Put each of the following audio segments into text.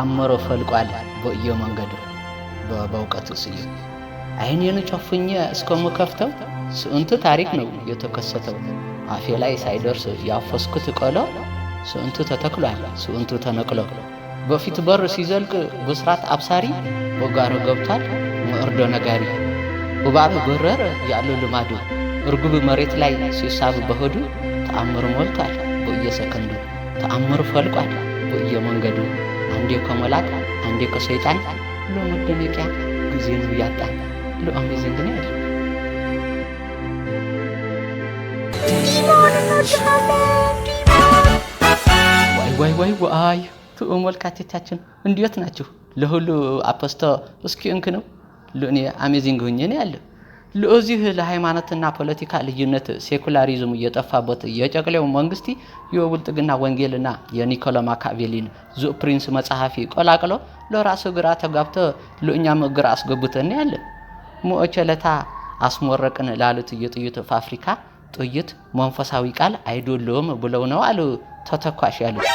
አምሮ ፈልቋል በየመንገዱ በእውቀቱ ስዩም ዓይኔን ጨፍኜ እስከምከፍተው ስንት ታሪክ ነው የተከሰተው። አፌ ላይ ሳይደርስ ያፈስኩት ቆሎ ስንቱ ተተክሏል ስንቱ ተነቅሎ በፊት በር ሲዘልቅ ብስራት አብሳሪ በጓሮ ገብቷል ምዕርዶ ነጋሪ እባብ በረር ያለው ልማዱ እርግብ መሬት ላይ ሲሳብ በሆዱ ተአምር ሞልቷል በየሰከንዱ ተአምር ፈልቋል በየመንገዱ አንዴ ከሞላቅ አንዴ ከሰይጣን ለመደነቂያ ጊዜ ነው ያጣን ለአሜዚንግ ግን ያለ ዋይ ዋይ ዋይ ዋይ ትኡ መልካቴታችን እንዴት ናችሁ? ለሁሉ አፖስቶ እስኪ እንክ ነው ለእኔ አሜዚንግ ሆኜ ነው ያለው። ለዚህ ለሃይማኖትና ፖለቲካ ልዩነት ሴኩላሪዝሙ እየጠፋበት የጨቅሌው መንግስቲ የብልጥግና ወንጌልና የኒኮሎ ማካቬሊን ዙ ፕሪንስ መጽሐፊ ቆላቅሎ ለራሱ ግራ ተጋብተ ለእኛም ግራ አስገብተን ያለ ሞቸለታ አስሞረቅን ላሉት የጥይት ፋብሪካ ጥይት መንፈሳዊ ቃል አይዶሎም ብለው ነው አሉ ተተኳሽ ያሉት።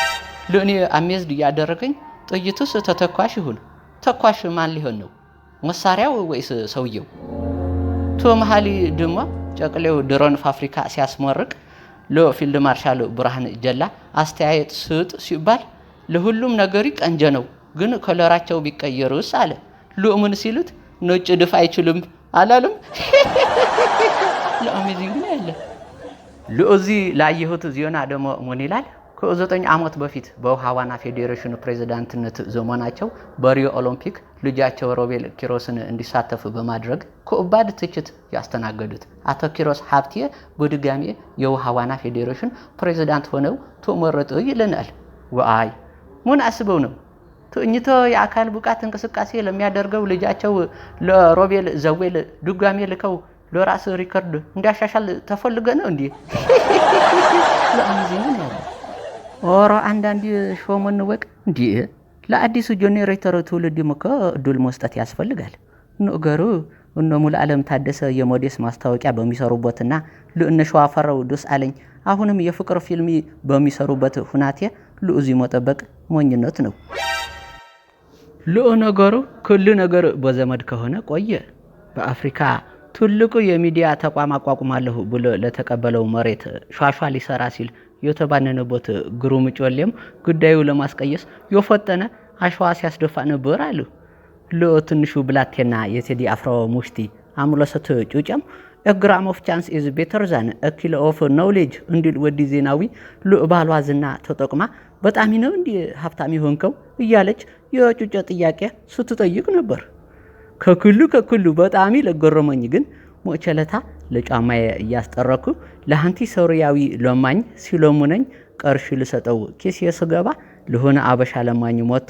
ለእኔ አሜዝድ እያደረገኝ ጥይቱስ ተተኳሽ ይሁን ተኳሽ ማን ሊሆን ነው? መሳሪያው ወይስ ሰውየው? ቶ መሃሊ ድማ ጨቅሌው ድሮን ፋብሪካ ሲያስመርቅ ለፊልድ ማርሻሉ ብርሃን ጀላ አስተያየት ስጥ ሲባል ለሁሉም ነገር ቀንጀ ነው፣ ግን ከለራቸው ቢቀየሩስ አለ። ሎምን ሲሉት ነጭ ድፍ አይችልም አላለም። ለአሜዚንግ ነው ያለ። እዚ ላየሁት ዜና ደሞ ምን ይላል? ከዘጠኝ ዓመት በፊት በውሃዋና ፌዴሬሽኑ ፕሬዚዳንትነት ዘመናቸው በሪዮ ኦሎምፒክ ልጃቸው ሮቤል ኪሮስን እንዲሳተፍ በማድረግ ከባድ ትችት ያስተናገዱት አቶ ኪሮስ ሀብቴ በድጋሜ የውሃ ዋና ፌዴሬሽን ፕሬዚዳንት ሆነው ተመረጡ ይለናል። ወአይ ምን አስበው ነው? ትኝቶ የአካል ብቃት እንቅስቃሴ ለሚያደርገው ልጃቸው ለሮቤል ዘዌል ድጋሜ ልከው ለራስ ሪከርድ እንዲያሻሻል ተፈልገ ነው እንዲህ ምን ያለ ኧረ አንዳንድ ሾሞን ወቅ እንዲ ለአዲሱ ጄኔሬተር ትውልድም እኮ እድል መስጠት ያስፈልጋል። ንገሩ እነ ሙሉ ዓለም ታደሰ የሞዴስ ማስታወቂያ በሚሰሩበትና ልእነ ሸዋፈረው ደስ አለኝ አሁንም የፍቅር ፊልም በሚሰሩበት ሁናቴ ልእዙ መጠበቅ ሞኝነት ነው። ልኡ ነገሩ ክሉ ነገር በዘመድ ከሆነ ቆየ። በአፍሪካ ትልቁ የሚዲያ ተቋም አቋቁማለሁ ብሎ ለተቀበለው መሬት ሿሿ ሊሰራ ሲል የተባነነበት ግሩም ጮሌም ጉዳዩ ለማስቀየስ የፈጠነ አሸዋ ሲያስደፋ ነበር አሉ። ለትንሹ ብላቴና የቴዲ አፍሮ ሙሽቲ አምሎሰት ጩጨም ግራም ኦፍ ቻንስ ኢዝ ቤተር ዛን ኪሎ ኦፍ ኖውሌጅ እንዲል ወዲ ዜናዊ ልዕባሏ ዝና ተጠቅማ በጣም ነው እንዲ ሀብታም ሆንከው እያለች የጩጨ ጥያቄ ስትጠይቅ ነበር። ከክሉ ከክሉ በጣም ለገረመኝ ግን ሞቸለታ ለጫማ እያስጠረኩ ለሃንቲ ሶርያዊ ለማኝ ሲለሙነኝ ቀርሺ ልሰጠው ኪስ የስገባ ልሆነ አበሻ ለማኝ ሞታ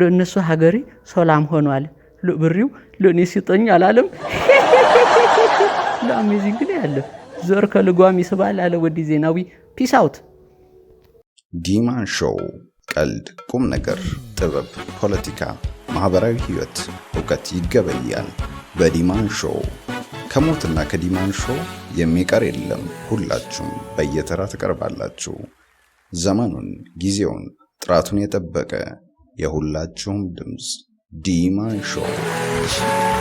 ለእነሱ ሀገሪ ሰላም ሆኗል ለብሪው ለእኔ ሲጠኝ አላለም። ለአሜዚንግ ላይ ያለ ዘር ከልጓም ይስባል አለ ወዲ ዜናዊ። ፒስ አውት። ዲማን ሾው ቀልድ፣ ቁም ነገር፣ ጥበብ፣ ፖለቲካ፣ ማህበራዊ ህይወት፣ እውቀት ይገበያል በዲማን ሾው ከሞትና ከዲማን ሾ የሚቀር የለም። ሁላችሁም በየተራ ትቀርባላችሁ። ዘመኑን፣ ጊዜውን፣ ጥራቱን የጠበቀ የሁላችሁም ድምፅ ዲማን ሾ